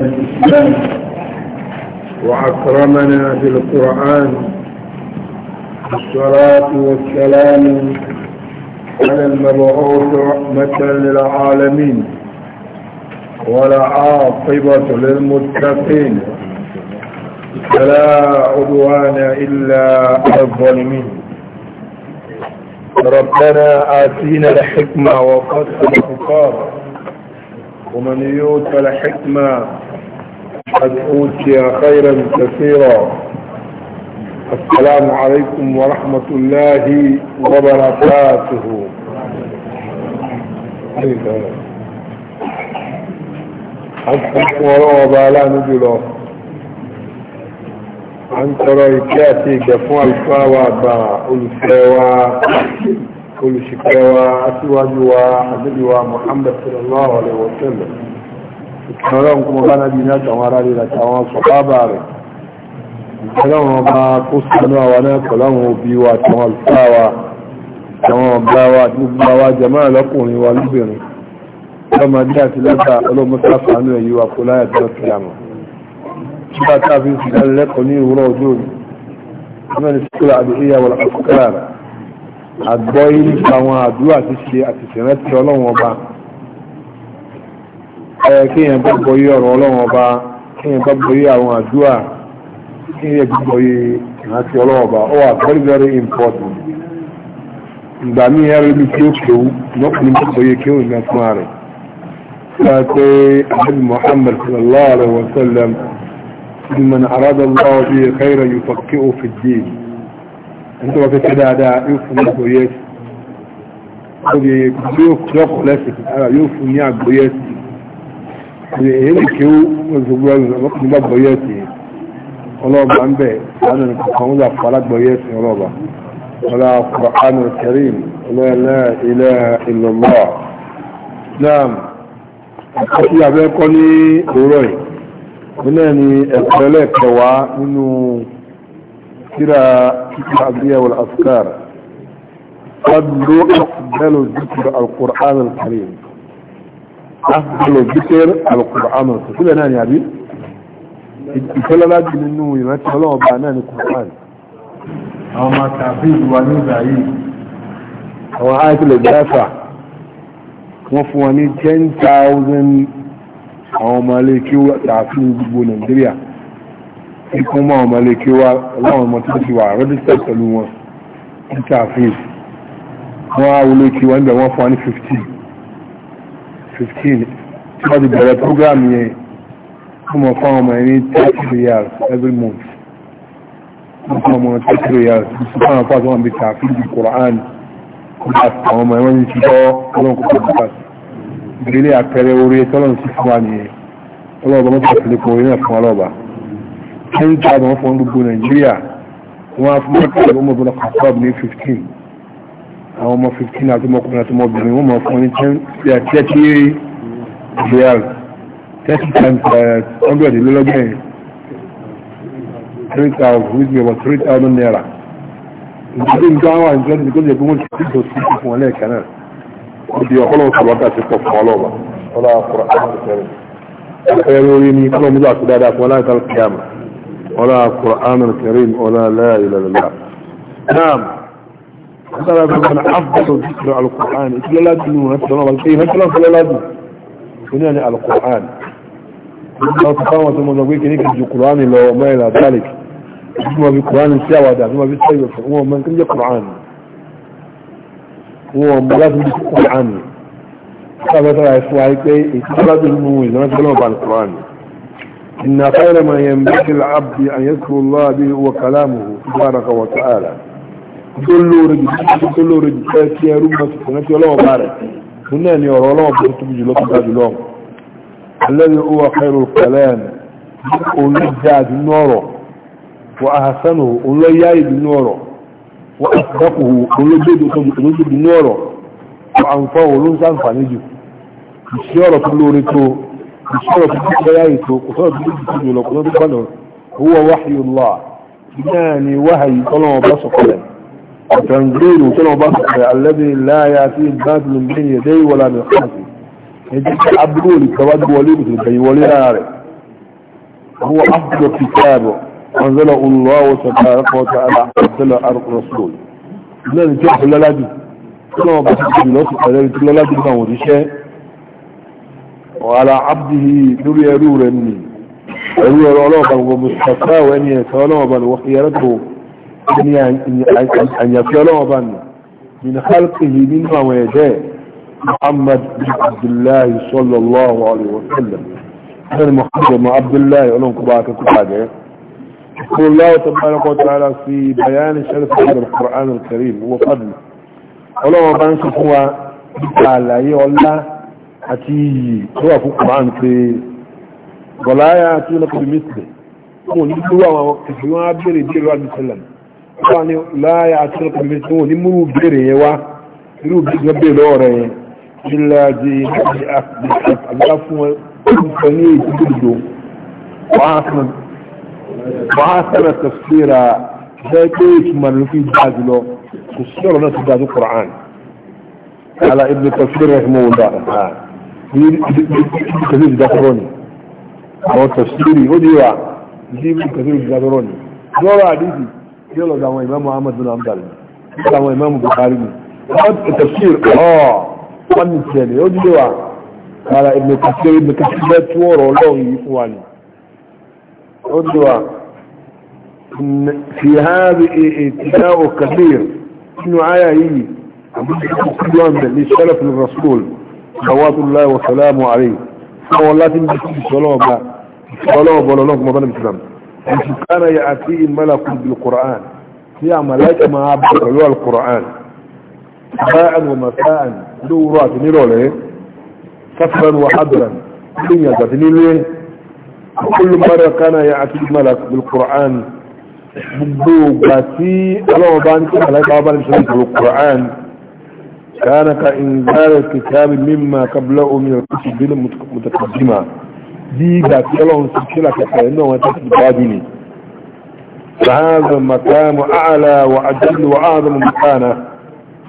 الإسلام وأكرمنا بالقرآن والصلاة والسلام على المبعوث رحمة للعالمين ولا عاقبة للمتقين فلا عدوان إلا على الظالمين ربنا آتينا الحكمة وفصل الخطاب ومن يؤت الحكمة قد أوتي خيرا كثيرا السلام عليكم ورحمة الله وبركاته أنت وراء بالا نجلو أنت رأيكاتي جفوع الفاوة بأول الفاوى كل شكاوى أسواجوا أدلوا محمد صلى الله عليه وسلم ọlọ́run kó mọ bá nábi ní àtàwọn ará rẹ̀ àtàwọn sọ̀pábà rẹ̀ ọlọ́run ọba kó sánú àwa náà pẹ̀lọ́run òbí wa àtàwọn àlùfáà wa àtàwọn ọ̀gá wa àti gbogbo àwa jẹ̀mọ́ àlọ́kùnrin wa lóbìnrin ọlọ́mọdé àti lẹ́gbà ọlọ́mọdé àfàánú ẹ̀yí wa kó láyà tó kí àmọ́ nígbà tá a fi ń sìnkálẹ̀ lẹ́kọ̀ọ́ ní ìwúrọ̀ ojú òní ọmọdé síkúlà àdúgbò wọn àkókò àgbọ́ yìí àwọn àdúrà àti ṣe àtìṣẹ́rẹ́ ti ọlọ́run ọba kéèyàn bá bọyé ọ̀rọ̀ ọlọ́run ọba kéèyàn bá bọyé àwọn àdúrà kéèyàn bá bọyé ìrántí ọlọ́run ọba ó wà very very important ìgbà míì ẹ̀rọ ibi tí ó kéwú lọ́kùnrin bá bọyé kéwú ní ẹ̀fún rẹ̀ sọ pé àbẹ́bí Muhammad sallallahu alaihi wa sallam من أراد الله به خيرا يفقهه في الدين أنت وقت كده ده يفهم بويس يفهم يفهم يفهم يفهم èyí kí ó gbogbo ọlọ́pàá gbọ́yẹ̀ sí ọlọ́ọ̀bà ń bẹ̀ láti nìkan kan wọ́n fà lágbọ́yẹ̀ sí ọlọ́ọ̀bà ọlá Qur'an al-Karim ọlọ́ọ̀lá ilẹ̀ ìlọ́lọ́ náà ẹ̀kọ́ sí abẹ́kọ́ ní òwúrọ̀ yìí wọ́n náà ni ẹ̀kọ́ ẹlẹ́kẹwàá nínú kíra àbíyá wal afkar fadlu afdalu dhikr al-Qur'an al-Karim أفضل الذكر القرآن كل نان يا أبي ìfẹ́lọ́lá jù nínú ìrántí ọlọ́wọ́ bá náà ní kùnfàn àwọn ọmọ kàfíìsì wà ní ìgbà yìí àwọn áìtìlẹ̀ gbáfà wọ́n fún wọn ní 10,000 àwọn ọmọ alékí wà tààfin gbogbo Nàìjíríà ikún mọ́ ọmọ alékí wà láwọn ọmọ tó ti wà rẹ́díṣẹ́ pẹ̀lú wọn ní tààfin wọ́n á wọlé kí wọ́n bẹ̀ wọ́n fún wọn ní 15 fifteen tí wọ́n ti bẹ̀rẹ̀ program yẹn fún ọmọ fún ọmọ ẹni thirty reals every month fún ọmọ thirty reals fún ọmọ fún ọmọ bíi tààfíìdì Quran kúrò àwọn ọmọ ẹ̀wọ̀n ti tọ́ ọlọ́run kò tó bá ìdílé àpẹẹrẹ orí ẹtọ́ ọlọ́run sì fún wa nìyẹn ọlọ́ọ̀bá mọ́tò àtìlẹ́kùn orí náà fún ọlọ́ọ̀bá ten thousand fún gbogbo Nàìjíríà wọ́n á fún mọ́tò àgbọ̀mọ́tò lọ́kọ̀ọ́ ní fifteen àwọn ọmọ fifteen àti ọmọkùnrin àti ọmọbìnrin wọ́n mọ̀ fún ní ten thirty real thirty times uh, hundred lọ́lọ́gbẹ̀rin three thousand which means about three thousand naira ìdílé nǹkan àwọn àìsàn ti kó lè gbé wọn ti ti dọ̀ sí fún ọlẹ́ ẹ̀ka náà ó di ọ̀pọ̀lọpọ̀ sọ̀rọ̀ àti pọ̀ fún ọlọ́ọ̀bà ọlá àkùrọ̀ àti ìfẹ́rẹ̀ ìfẹ́rẹ̀ lórí ni kọ́lọ̀ mú àti dáadáa fún aláìsàn kìyàmù ọlá àkùrọ̀ àmì kẹrin ọlá aláìlẹ̀ lọ́la. ترى بمن أفضل ذكر على القرآن إتلا لا دنو نفسنا والكي نفسنا فلا لا دنو على القرآن لو تقامت المنويك نكت القرآن لو ما إلى ذلك ثم بالقرآن سوى ده ثم بالسيب هو من كل قرآن هو ملازم بالقرآن هذا ترى يسوعي كي إتلا إيه؟ دنو إذا نفسنا بالقرآن إن خير ما ينبغي العبد أن يذكر الله به وكلامه تبارك وتعالى الذي هو خير الكلام والجاد النور وأحسنه والجاد النور وأصدقه والجاد النور وأنفعه لنسان فانيجي بشيارة اللوريتو بشيارة اللوريتو قصارة اللوريتو هو وحي الله يعني وحي طالما بس قلم وتنزيل كل بصر الذي لا يأتي الباطل من بين يديه ولا من خلفه يجب عبدو لكواد ولي مثل بي ولي عارف هو أفضل كتاب أنزله الله تبارك وتعالى أنزل أرض رسول لا نجح لا لا دي كل بصر لا تقلل لا لا دي ما وعلى عبده نور يرور مني يرور الله بمستقى وأن يتولى وبن وخيرته أن يفعل الله من خلقه من ويديه محمد بن عبد الله صلى الله عليه وسلم أنا محمد بن عبد الله يقولون كبارك كبارك يقول الله تبارك وتعالى في بيان شرف هذا القرآن الكريم هو قدم ولو بان هو قال لا يولا أتي هو في القرآن في ولا يأتي لك بمثله هو الله وقت في عبد الله صلى الله عليه وسلم wọ́n ni láyé àtúrọ̀kọ̀ méjì wọn ní múrù bèèrè yẹn wá irú bí wọ́n bèèrè lọ́wọ́ rẹ̀ yẹn nílá di àgbà fún wọn kò ní ìdúdò wọ́n á sẹ́nà tafsira bẹ́ẹ̀ pé ìtumọ̀ ní fi gbà jùlọ kò sí ọ̀rọ̀ náà ti dájú Qur'an ala ibn tafsir rahimu wa ta'ala ni kazi da koroni àwọn tafsiri ó di wa ni kazi da koroni lọ́rọ̀ àdìsí يلا دعوا امام محمد بن عبد الله دعوا امام البخاري قد التفسير اه فن الثاني يقول لي قال ابن كثير ابن كثير ده تور والله يقول لي في هذه اتجاه كثير ابن عايا هي كلهم للشرف للرسول صلوات الله وسلامه عليه والله هو الله تنبسي بسلامه بسلامه بسلامه بسلامه حيث كان يأتيه الملك بالقرآن يا ملائكة ما عبدوا القرآن صباء ومساء له رات نيرولي وحضرا الدنيا تتنيلي كل مرة كان يأتي الملك بالقرآن gbogbo gbà tí ọlọ́wọ́ bá ń tí àlẹ́kà bá ní ṣe ìṣòro ƙùrán kánaka in zara bí ìgbà tí ọlọ́run ti kí làkàkà inú àwọn tẹ́sí ìwájú ni فهذا المكان أعلى وأجل وأعظم مكانة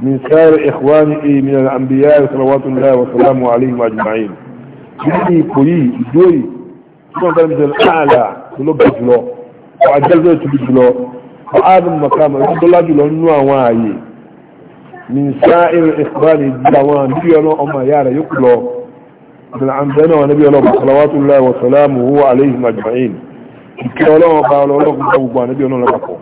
من سائر إخواني من الأنبياء صلوات الله وسلامه عليهم أجمعين يعني كوي دوي كما قال مثل أعلى كله بجلو وأجل دوي تبجلو وأعظم مكان يقول الله جلو نوع واعي من سائر إخواني جلوان بيانو أما يارا يقلو من عندنا ونبي الله صلوات الله وسلامه عليهم أجمعين كلهم قالوا لهم أبو نبي الله لكم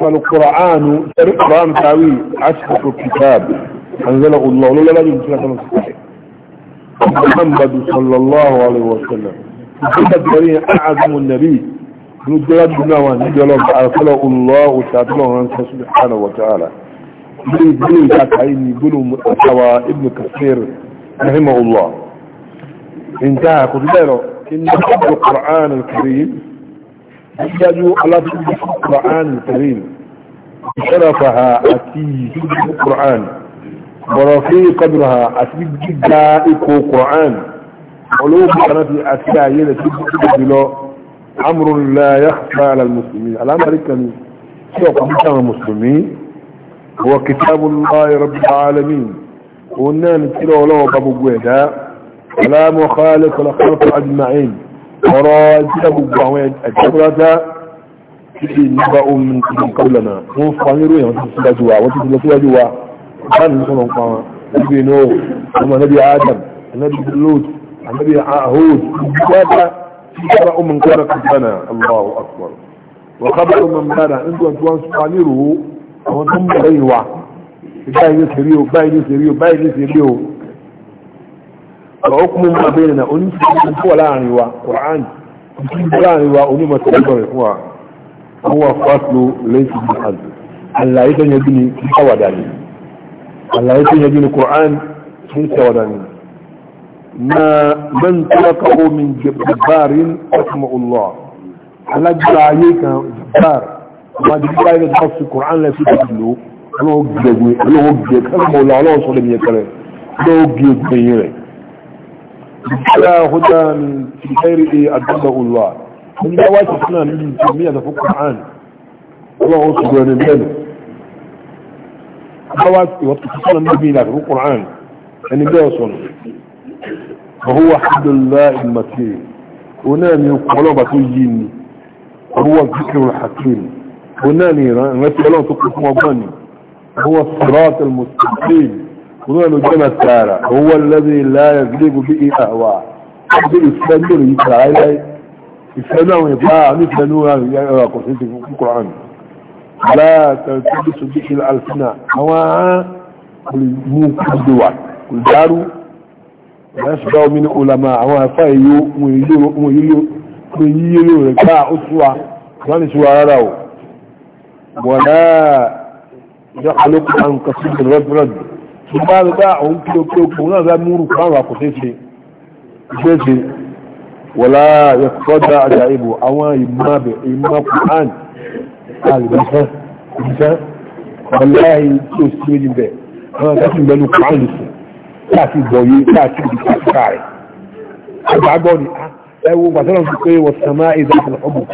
فالقرآن القرآن تعوي أشهر الكتاب أنزله الله لولا لا يمكن أن محمد صلى الله عليه وسلم محمد كريم أعظم النبي من الجلال بنوان نبي الله أرسله الله تعالى سبحانه وتعالى بلو بلو تاكعيني بلو أسوى ابن كثير رحمه الله انتهى قلت له إن حب القرآن الكريم يحتاج على القرآن الكريم شرفها اتي أتيه القرآن ورفيع قدرها جدا اكو قران قلوب كانت أتيه التي له أمر لا يخفى على المسلمين الأمر كان سوق بشان المسلمين هو كتاب الله رب العالمين ونان كيلو لو بابو كلام وخالق الخلق أجمعين وراء جب بعوين في نبأ من قبلنا وفقانيرو يوم تسلسوا وتسلسوا جوا كان يسون قام نبي نوح ثم نبي آدم نبي لوط نبي هود جابا ترى من قبل قبلنا الله أكبر وخبر من بنا انتوا انتوا سقانيرو وانتم غيروا باين يسيريو باين يسيريو باين يسيريو وحكم ما بيننا أنت هو الآن هو قرآن الآن هو أنما تدبر هو هو فصل ليس بالحد ألا يتن يدني سوى داني ألا يتن يدني قرآن من سوى داني ما من تلقه من جبار أسمع الله ألا جرعيك جبار ما جبار إذا تخص القرآن لا يتدبر أنا أجيب أنا أجيب أنا أجيب أنا أجيب أنا أجيب أنا أجيب لا هدى من غير إيه أدله الله من دعوات السنة من تنمية فوق القرآن الله سبحانه وتعالى دعوات وتصل من بينك فوق القرآن يعني بيوصل وهو حد الله المتين ونام يقلب تجيني وهو الذكر الحكيم وناني رأى الله تقلق وضاني هو الصراط المستقيم كلنا جمع السارة هو الذي لا يغلب به أهواء قد أبدي إسلامي يترى إلي إسلامي يترى مثلنوها قصيت في القرآن لا تلتبس به الألسنة هواء كل موكب دوات كل دارو يشبع من علماء هواء فايو ويجيلو ويجيلو ويجيلو لكاء أسوة كان سوى له ولا يخلق عن قصيد رد, رد bá rí bá òun kí o kí o kò náà múrù fáwọn àkọsẹ́sẹ ìgbẹ́sẹ̀ wọ̀lá ẹ̀kọ́dá àjà ìbò àwọn ìmọ̀bẹ̀ ìmọ̀ kùhán àlùbẹ́sán ìbísán wọ̀láyé tí ó sì méjì bẹ̀ àwọn akẹ́kọ̀ọ́ ìgbẹ́nu kùhán lùsùn láti gbọ̀yé láti ibi kàkà rẹ̀ àgbàgbọ́ ni ah, ẹwọ gbàtọ́nà fi pé wọ́n sàmá ìdájọ́ ọ̀bùk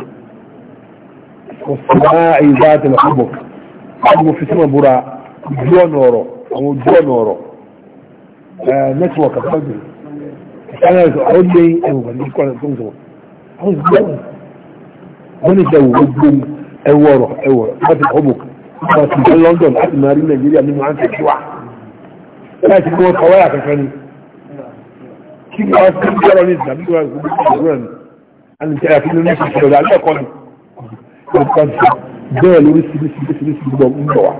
wọ́n sàmá ìdájọ́ ọ̀bùk àwọn ojú ọ̀nà ọ̀rọ̀ network àbájú ìsáyẹ̀sọ̀ àwọn ilé ẹ̀wọ̀n ní kọ́lẹ̀ tó ń sọ àwọn ìgbẹ́wọ̀n wọ́n ní ìṣẹ̀wò gbogbo ẹwọ̀ ọ̀rọ̀ ẹwọ̀ láti ọ̀bọ̀ láti ìjọ London láti máa rí Nàìjíríà nínú àǹtí kíwá láti kí wọ́n kọwáyà kankan ni kí ni wọ́n ti ń jọ́rọ̀ ní ìsìnkú ìwà ìgbìmọ̀ ìgbìmọ̀ ni a ní tẹ́lẹ̀ fi nínú ìṣẹ̀lẹ̀ alẹ́ ẹ̀kọ́ ni bẹ́ẹ̀ lórí síbí síbí síbí síbí bọ̀ ń bọ̀ wá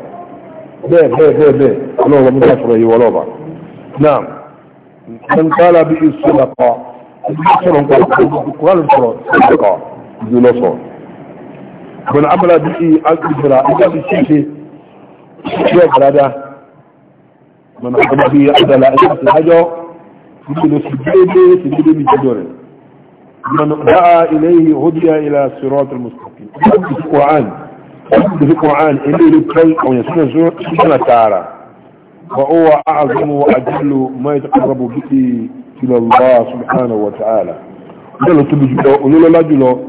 بيه بيه بيه بيه اللهم مذكره ولوبا نعم من قال به السلقاء من قال به السلقاء ذو نصر من عمل به الإجراء إذا بشيشي شيخ رادا من عمل به أدلاء الشخص الحجر يجب نسجده سجده من جدوره من دعا إليه هدية إلى الصراط المستقيم قرآن في القرآن اللي يبقي أو يسمى سنة تعالى وهو أعظم وأجل ما يتقرب به إلى الله سبحانه وتعالى لو تبجلو ولو لا جلو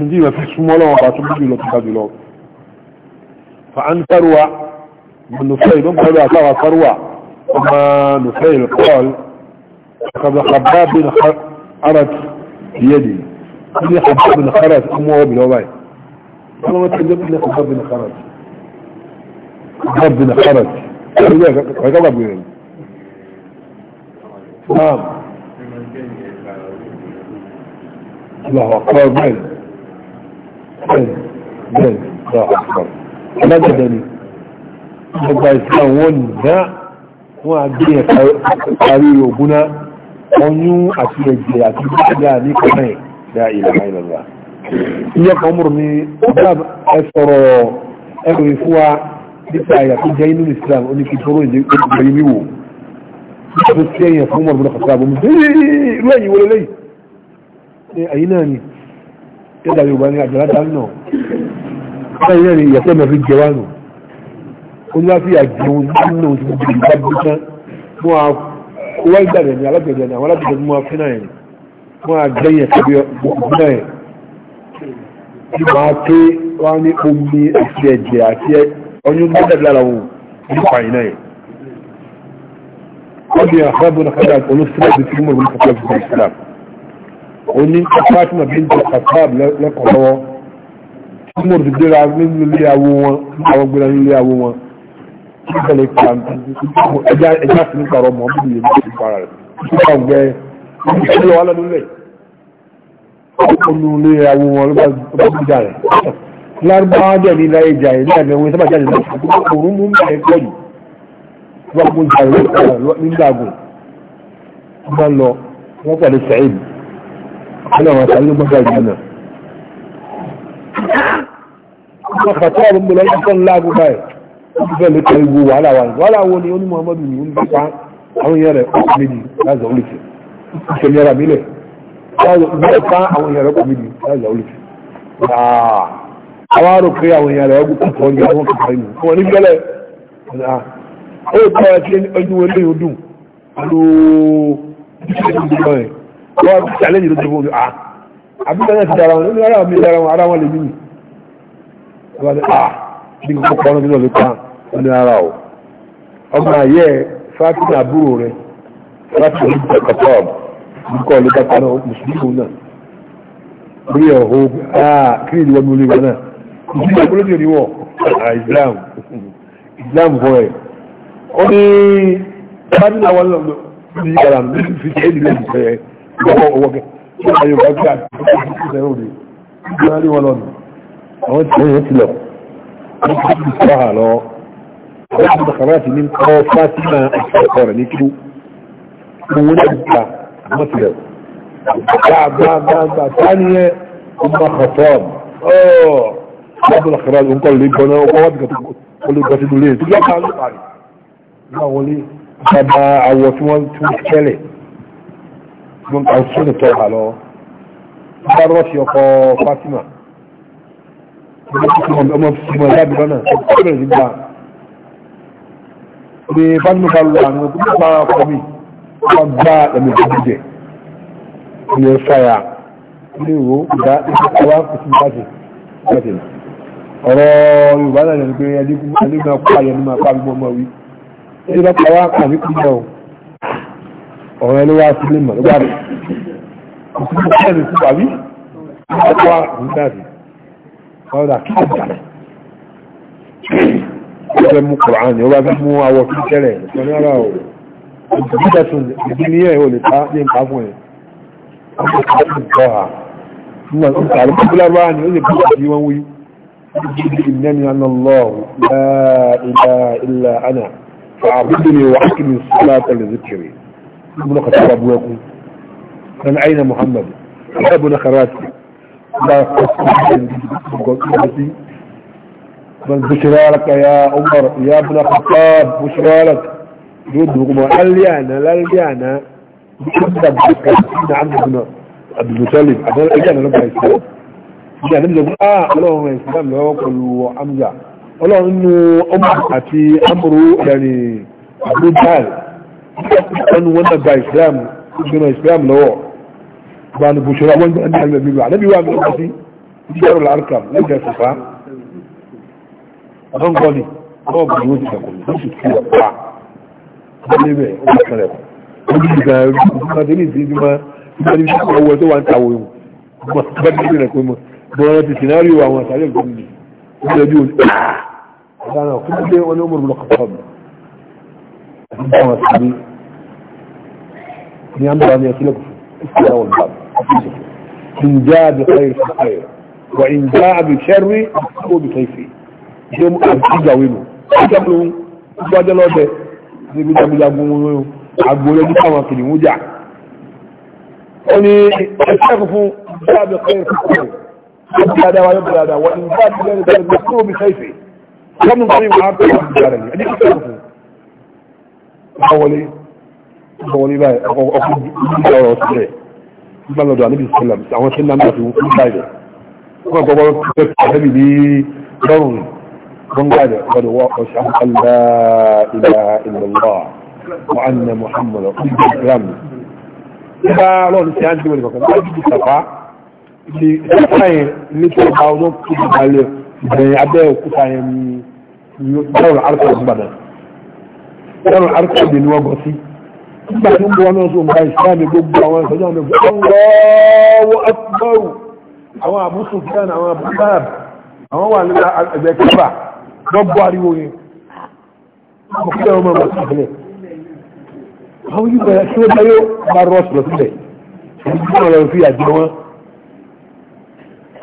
من دي في سمو لو ما تبجلو تبجلو فعن فروع من نفيل من قبل أتوى فروع وما نفيل قال قبل خباب بن خرت يدي بن خباب بن خرت أمه بلوبين قال ما تكلمت لك ربنا خرج ربنا خرج غضب يعني نعم الله اكبر بين بين بين الله اكبر ما جدني هذا يسمون ذا هو عدية قليل وبنى ونيو أتي الجيلة أتي الجيلة لا إله إلا الله ìyá kan mọ̀rọ̀ ní islam ẹ sọ̀rọ̀ ẹrù ìfúwa nípa àyà tó jẹ́ inú islam ó ní kí tóró ìdí ìgbà yìí wò nípa tó sí ẹ̀yìn fún mọ̀rọ̀ kọ̀ọ̀kan àbọ̀ irú ẹ̀yìn wọlé lẹ́yìn ní ẹ̀yìn náà ni yẹ́dà yorùbá ní àjọ̀lá dá náà ẹ̀yìn náà ni ìyàtọ̀ mẹ́fì jẹ wá nù ó ní wá fi àjẹun nínú ti gbogbo ìgbà bí tán fún wa wọ́n gbàdẹ̀ ní alágbẹ̀dẹ̀ ní àwọn alágbẹ̀dẹ̀ ní wọn fẹ́ náà yẹn wọ́n á gbẹ̀yìn ẹ̀kọ́ bí ọ̀gbìn náà yẹn tí máa ké wọ́n ní omi àti ẹ̀jẹ̀ àti ọyún mọ́tẹ̀lẹ́ ara wọn nípa iná yẹn wọ́n ní àfẹ́bùn àkàdà olóṣèlú bí tí mo rí kọ́kọ́ bí ìsìlá ó ní Fatima bí n jẹ kàtàb lẹ́kọ̀ọ́ lọ́wọ́ tí mo rí gbéra nínú ọmọ ilé àwọn wọn ló bá gbígbà rẹ̀ lárúbáwá jẹ́ ní láyé jà ilé àmẹ́wọ̀n sábà jáde lọ́sùn mú mẹ́ ẹ̀kọ́ yìí wọ́n gbọ́n jà rẹ̀ nígbàgbọ́ wọ́n lọ wọ́n pẹ̀lú sẹ́yìn wọ́n àwọn àṣà ló gbọ́gbà ìgbà náà wọ́n fàtọ́ àwọn ọmọ lọ́yìn fọ́n ní Muhammadu ní ó ní bá bẹ́ẹ̀ bá àwọn èèyàn rẹ̀ kò mí ni láìlà ó lè fi àwọn arò pé àwọn èèyàn rẹ̀ ọgbùn kàtọ́ ní àwọn kàtọ́ inú wọn ní gẹ́lẹ̀ ó kọ́ ẹ kí ọdún wọlé yóò dùn pẹ̀lú ìṣẹ́ ìdúgbò rẹ̀ wọ́n ti ṣàlẹ́ yìí ló ti fún mi à àbúkọ́ náà ti dára wọn nínú ara mi dára wọn ara wọn lè mímì wọ́n ni à bí kò kọ́ ọ́nà nínú ọ̀lẹ́kọ́ wọn ní ara o ọmọ ayé fatima àbúrò rẹ̀ fatima ìjọkọ̀tọ́ọ̀bù nǹkan ọ̀lẹ́ bàtà náà mùsùlùmí òun náà lórí ẹ̀họ́ àà kí ni ìwọ́n lórí wọn náà mùsùlùmí àkọlódì òní wọ̀ Islam Islam fọ́ ẹ̀ ó ní bájú àwọn lọ́dọ̀ ní ìgbàlá ní fi ṣe èdè lẹ́yìn fẹ́ ìgbàkọ̀ owó kẹ́ kí wọ́n yóò gbàgbé àti wọ́n ti sẹ́wọ̀n مطلب بعد بعد بعد ثانية أم خطاب أوه بعد الأخراج ونقول لي بنا وقوات قول لي قتل لي تقول لك عن بعد ما هو لي بابا عوت ما تمشكلة من عوسون توها له بابا في يقو فاطمة أما في سماء بنا قبل جدا بفضل الله عنه كل ما قومي ọgbà ẹ̀mẹ̀gbẹ̀gbẹ̀ ní ọ̀sára ilé ìwò ìdá ìpàwà kùsù pàtì pàtì ọ̀rọ̀ Yorùbá náà lẹ́nu pé ẹlẹ́gbẹ̀ẹ́ kọ́ ayẹ ní máa pa àbúgbọ́ ọmọ wí ilé bá pàwà kà ní kúrò ọ̀rọ̀ ẹlẹ́wà sílé mọ̀ lọ́gbà rẹ̀ kùsù pàtì ní kúrò àbí ọ̀pọ̀ àbúgbàdì ọ̀rọ̀ àkíyàjà ó fẹ́ mú kùrọ̀ àná ó bá fẹ́ mú awọ kí tẹ́lẹ̀ ìpẹ́lẹ́ ara ọ̀rọ̀ ìdíjẹ̀tún ìdí ní ẹ̀họ́ lè ní ìpá fún ẹ̀ إنني أنا الله لا إله إلا أنا فاعبدني وأقم الصلاة لذكري ابن خطاب أبوكم من أين محمد ابن يا عمر يا ابن خطاب بشرى yóò dùn kó mọ́ lálẹ́ àná lálẹ́ àná nígbà bàbá ìdá àbùdùnà àbùdùtọ́lì àbọ̀lá ẹgbẹ́ àná lọ́gbà ìsìlẹ̀ ìdí àná lọ́gbà ah ọlọ́run ẹ̀sìn náà lọ́wọ́ pẹ̀lú amúyà ọlọ́run nu ọmọ àti amúrú ẹ̀rìn àbújáàlì wọn wọn náà gba islam gbẹmọ islam lọ́wọ́ gbanu bushra wọn náà ní àgbẹ̀ bíbá àná bí wà mí ọkọ̀ sí ìdí àrùn làárùkàm lẹ́gbẹ̀ẹ́ sọ̀fà ọ̀dọ́ ń gbọ́ ni ọ̀dọ́ ọ̀gbìn yóò ti sàkóso ó sì kú ọ̀pá níbẹ̀ ó bá kan rẹ̀kùn ó bí ìgbà ìgbà délé sí ìgbà ìgbà ní ìgbà owó tó wà ń tàwọ̀ ìwò bá ní ìgbà rẹ̀kùn mọ́ bọ́ọ̀rọ̀ ti sìnáríò àwọn àtàrí ìgbà mi ó lọ bí òní ọ̀daràn kí ló dé wọn ní òmùrù lọ́kàn fọ́ọ̀mù àti bá wọn sí ní ṣe bí jagunjagun wọn agbóyọ ní káwọn kìlì ń jà ó ní ẹ̀ṣẹ́ funfun jáde kẹrin fún ọ̀rọ̀ jáde wáyé bùrọ̀dà wọ́n ní jáde lẹ́nu tẹ́lẹ̀ bí kúrò mi sẹ́yìn kọ́mù kan ní wàá pẹ̀lú ìjàrẹ̀ ní ẹni ẹ̀ṣẹ́ funfun ọwọlé ọwọlé من قال قد واشهد ان لا اله الا الله وان محمد رسول الله ba lọ́n tí a ń dìbò nìkan kan láti ìsàpá ní sáyẹn ní tí ọba ọdún tó ti balẹ̀ ìbẹ̀yìn abẹ́ òkúta yẹn ní dọ́rọ̀ arúgbó ìbàdàn dọ́rọ̀ arúgbó ìbẹ̀ni wọ́n gọ̀ sí nígbà tí ń bọ̀ wọn náà tó ń bá ìsìláàmì gbogbo àwọn ìsọjọ́ àwọn ọmọ ọmọ ọwọ́ akúbọ̀rù àwọn àbúsùn fún àwọn àbúrò àwọn wà ní ẹgbẹ́ kábà gbogbo ariwo yẹn mọ̀kílẹ̀ ọmọ ọmọ sílẹ̀ àwọn yìí bẹ̀rẹ̀ tí ó dáyó bá rọ́ọ̀sì lọ sílẹ̀ ìdíjọ́ ọ̀rọ̀ fi àjẹ wọn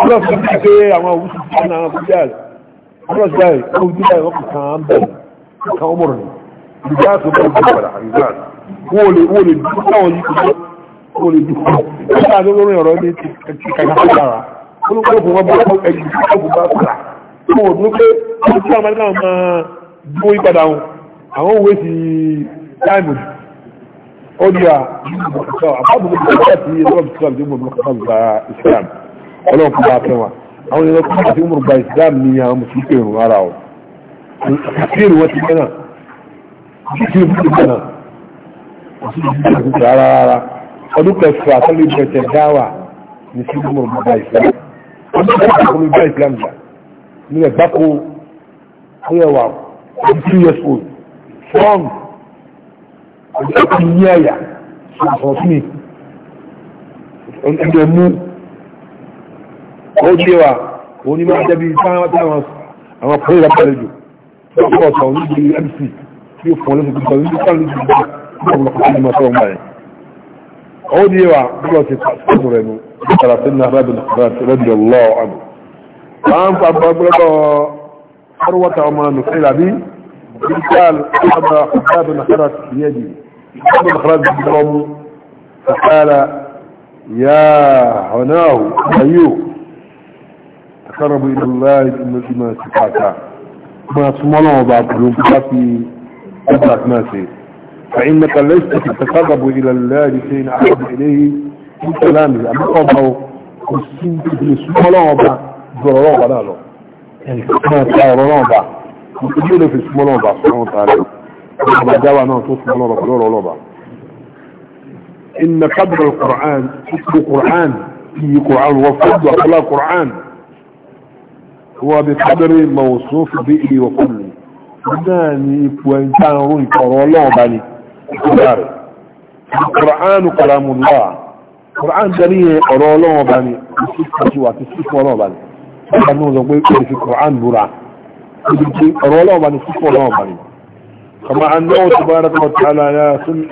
rọ́ọ̀sì ti pé àwọn òwúsù ti ní àwọn fúdí àrẹ rọ́ọ̀sì báyìí ó ń dídá ìwọ́n kan án bẹ̀rẹ̀ kan ó mọ̀rọ̀ ní ìdíjá tó bẹ̀rẹ̀ tó padà àríwá wọ́n lè wọ́n lè dúró táwọn yìí kúrò wọ́n lè dúró wọ́n lè dúró ọ̀rọ̀ ní ti kàkàkà kò wò ní pé wọ́n tí ọmọdé náà máa dúró ìpadà wọn àwọn òwe ti táìmù ó di à àbábùkù tó bá ti ẹgbẹ́ ọ̀bùkù àti ìmọ̀ ọ̀bùkù kan gba Islam ọlọ́run fún bá fẹ́ wa àwọn ènìyàn kọ́ àti ìmọ̀ gba Islam ní àwọn mùsùlùmí pè rùn ara o kàfíìrì wọn ti mẹ́nà kàfíìrì wọn ti mẹ́nà kàfíìrì wọn ti rárá rárá ọdún kẹfà sọlẹ̀ ìbẹ̀tẹ̀ dáwà ní sí ìmọ̀ gba Islam ọdún kẹfà sọlẹ̀ ìbẹ̀tẹ̀ Islam gbà ní ẹ̀gbákò ayẹwà three years old strong ọjọ́ ti ní àyà sọ̀rọ̀ sí ẹgbẹ̀ mú ó jẹ́ wa ó ní máa jẹ́bi sáwọn àwọn pẹ̀lú ìdápẹ̀lẹ̀ jù tó kọ́ ọ̀sán níbi mc tí ó fún ọlọ́sìn gbogbo níbi sáwọn níbi gbogbo ọmọkùnrin tí mo sọ̀rọ̀ báyìí ó jẹ́ wa bí wọ́n ti pàṣẹ rẹ̀ nù ìtàlàfẹ́ náà rẹ̀ bẹ̀rẹ̀ rẹ̀ lọ́wọ́ àgbẹ̀ قام فأبقى ثروه وما نفعل به قال أبا خباب نخرج بيدي أبا نخرج بيدي فقال يا هناه ايو تقرب إلى الله بما سقاك ما سمعنا بعض الأنفسات أدرك ما فإنك لست تتقرب إلى الله بشيء أحب إليه من كلامه أبقى الله وسنتك لسمعنا بعض جولو قالو ان كارونو با مجيلو في سمونو با سمونو تالو ما جاوا نو تو سمونو با جولو لو با ان قدر القران في القران في القران وفضل اخلاق القران هو بقدر موصوف به وكله داني بوينتان روي كورولو باني كورار القران كلام الله القران جميع اورولو باني سيكو واتي سيكو اورولو باني ọ̀pá náà sọ pé kò fi Quran búra ibi tí ọ̀rọ̀ ọlọ́ọ̀bá ni fífọ́ ọlọ́ọ̀bá ni kama annahu tabaraka wa ta'ala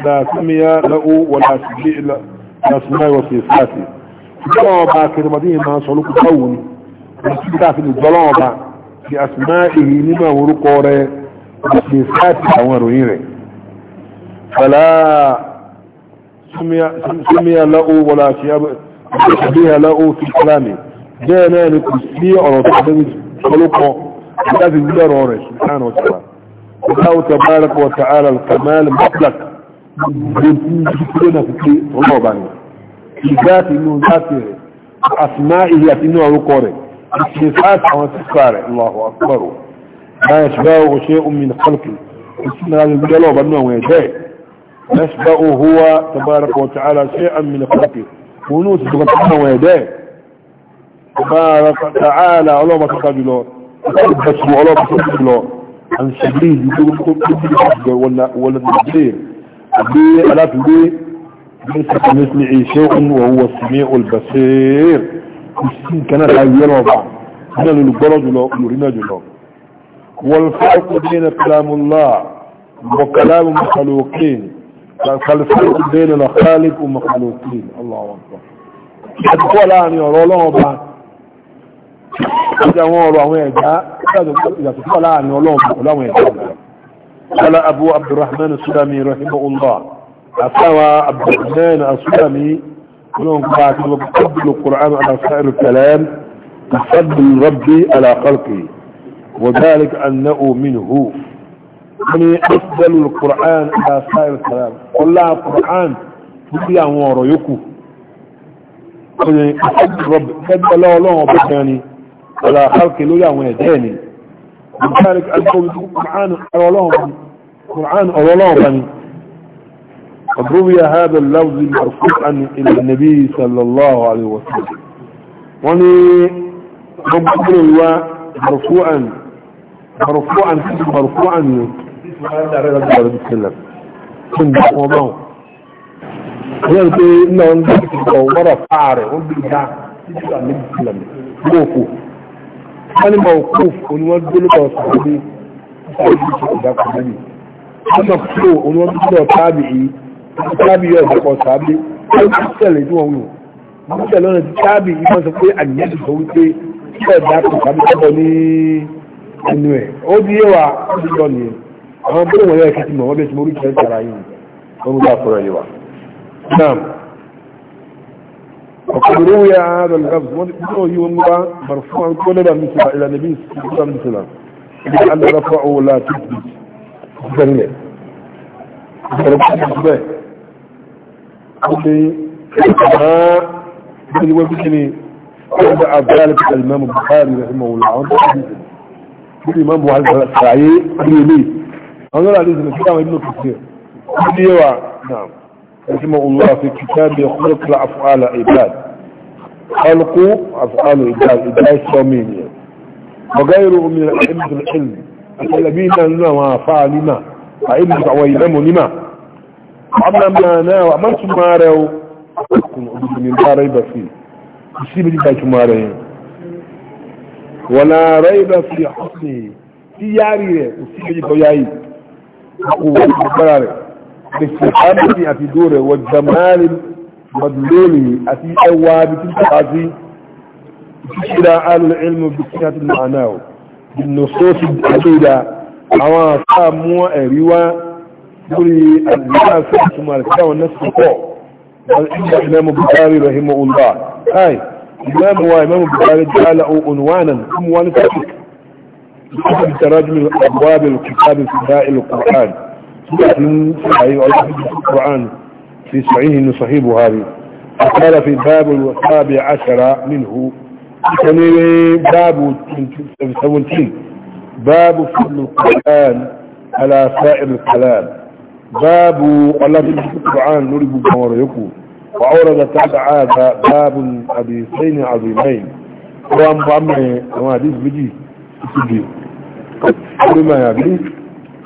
la sumiya lahu wa la sibi ila la sumiya wa sifati ìjọba ọba kẹrìmọ́dé yìí máa sọ lókù báwo ni ìjọba ìjọba fi lè jọlọ́ ọba ti àsùnmá èyí nínú àwọn orúkọ rẹ̀ àti sáàtì àwọn ìròyìn rẹ̀ fàlá súnmíyà láwọ́ wọlá àti àbíyà láwọ́ fi kàlámì bẹ́ẹ̀ náà ni kò sí ọ̀rọ̀ tó tẹ́lẹ̀ ọlọ́pọ̀ láti gbé ọ̀rọ̀ rẹ̀ ṣùgbọ́n ọ̀tàrà ọ̀dáwò tàbára kọ̀ tààrà kàmáàlì mọ́tàk ìgbàtí inú láti rẹ̀ àsìmá ìhì àti inú ọrúkọ rẹ̀ àti ìfàtí àwọn sífà rẹ̀ lọ́wọ́ akọ́rọ̀ báyẹ̀ ṣùgbọ́n òṣèré omi nìkọ́lùkì ìsìnà láti gbé ọlọ́ọ̀bá náà wọ̀nyẹ̀ bẹ́ẹ̀ يشبه هو تبارك وتعالى شيئا من خلقه ونوت تغطينا ويديه تبارك تعالى علوم تقبله تقبس وعلوم تقبله عن سبيل يقول كل ولا ولا تقبير ليه ألا تقبير ليس كمثله شيء وهو السميع البصير السين كان الحيوان وضع هنا للبرج له والفرق بين كلام الله وكلام المخلوقين فالفرق بين الخالق ومخلوقين الله أكبر حتى قول أن يرى الله nígbà wọn ọ̀rọ̀ àwọn ẹ̀dá ìyàtọ̀tọ̀ láàrin ọlọ́run pẹ̀lú àwọn ẹ̀dá kala abu abdurrahman sulami rahimahullah asawa abdurrahman sulami ولهم قاعد تفضل القرآن على سائر الكلام تفضل ربي على خلقه وذلك أنه منه يعني القرآن على سائر الكلام قل القرآن تبيع وريكو يعني أفضل ربي كده لا لا على خلق لولا ويداني لذلك أنتم القرآن أولهم القرآن أولهم قد روي هذا اللفظ مرفوعا إلى النبي صلى الله عليه وسلم وني مبقل هو مرفوعا مرفوعا مرفوعا مرفوعا مرفوعا yẹn pé náà ń gbé ìgbà wọ́rọ̀ fáà rẹ̀ ó bí ìdá wọ́n ní mọ̀kúf oníwọ́n gbólókọ̀ sọ̀rọ̀ ìṣàlùfẹ́ ṣe ìdákọ̀ lẹ́yìn wọ́n mọ̀ fúlò oníwọ́n gbólókọ̀ tábì yìí tábì yọ ìdákọ̀ sábì wọ́n ti tẹ̀lé tí wọ́n wù wọ́n tẹ̀lé ọ̀nà tí tábì yìí wọ́n sọ pé àníyàn ti sọ wípé ṣe ìdákọ̀ sábì tọ́bọ̀ ní ẹnu ẹ̀ o di yé wa ó di yọ nìyẹn àwọn gbólókọ̀ yẹ وقد روي هذا اللفظ وذكره يونبا مرفوعا كل مثل الى النبي صلى الله عليه وسلم لأن رفعه لا تثبت ذلك ربنا قولي ما بل وبكني وضع ذلك الإمام البخاري رحمه الله عنه الإمام أبو عزيز السعيد قال لي أنا لا أريد أن أتكلم ابن كثير قال نعم رحمه الله في كتابه خلق لأفعال عباد خلق أفعال عباد عباد سومينيا وغيره من الأئمة العلم لنا ما فعلنا أئمة ويلم لما أما ما نا ومن أبدا من لا ريب فيه يسيب لي سماره ولا ريب في حسنه في ياري يسيب لي بيائي وقوة بقراره باستقامته في دوره والجمال مدلوله أتي أواب تلتقاتي تشير آل العلم بكثرة المعنى بالنصوص الدليلة أما سامو إريوا دوري الناس ثم الكتاب والناس فوق الإمام بكاري رحمه الله هاي الإمام هو إمام بكاري جعل عنوانا عنوان تحقيق بسبب تراجم الأبواب الكتاب في داء القرآن القرآن في صحيح صحيح بهاري قال في باب السابع عشر منه باب 17 باب فضل القرآن على سائر الكلام باب الله في القرآن نريد يقول وعورد تعد عادة باب حديثين عظيمين وعن بعمل حديث بجي بجي كل ما يبيه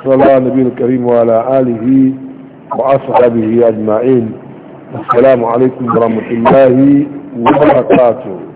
صلى نبينا الكريم وعلى آله وأصحابه أجمعين السلام عليكم ورحمة الله وبركاته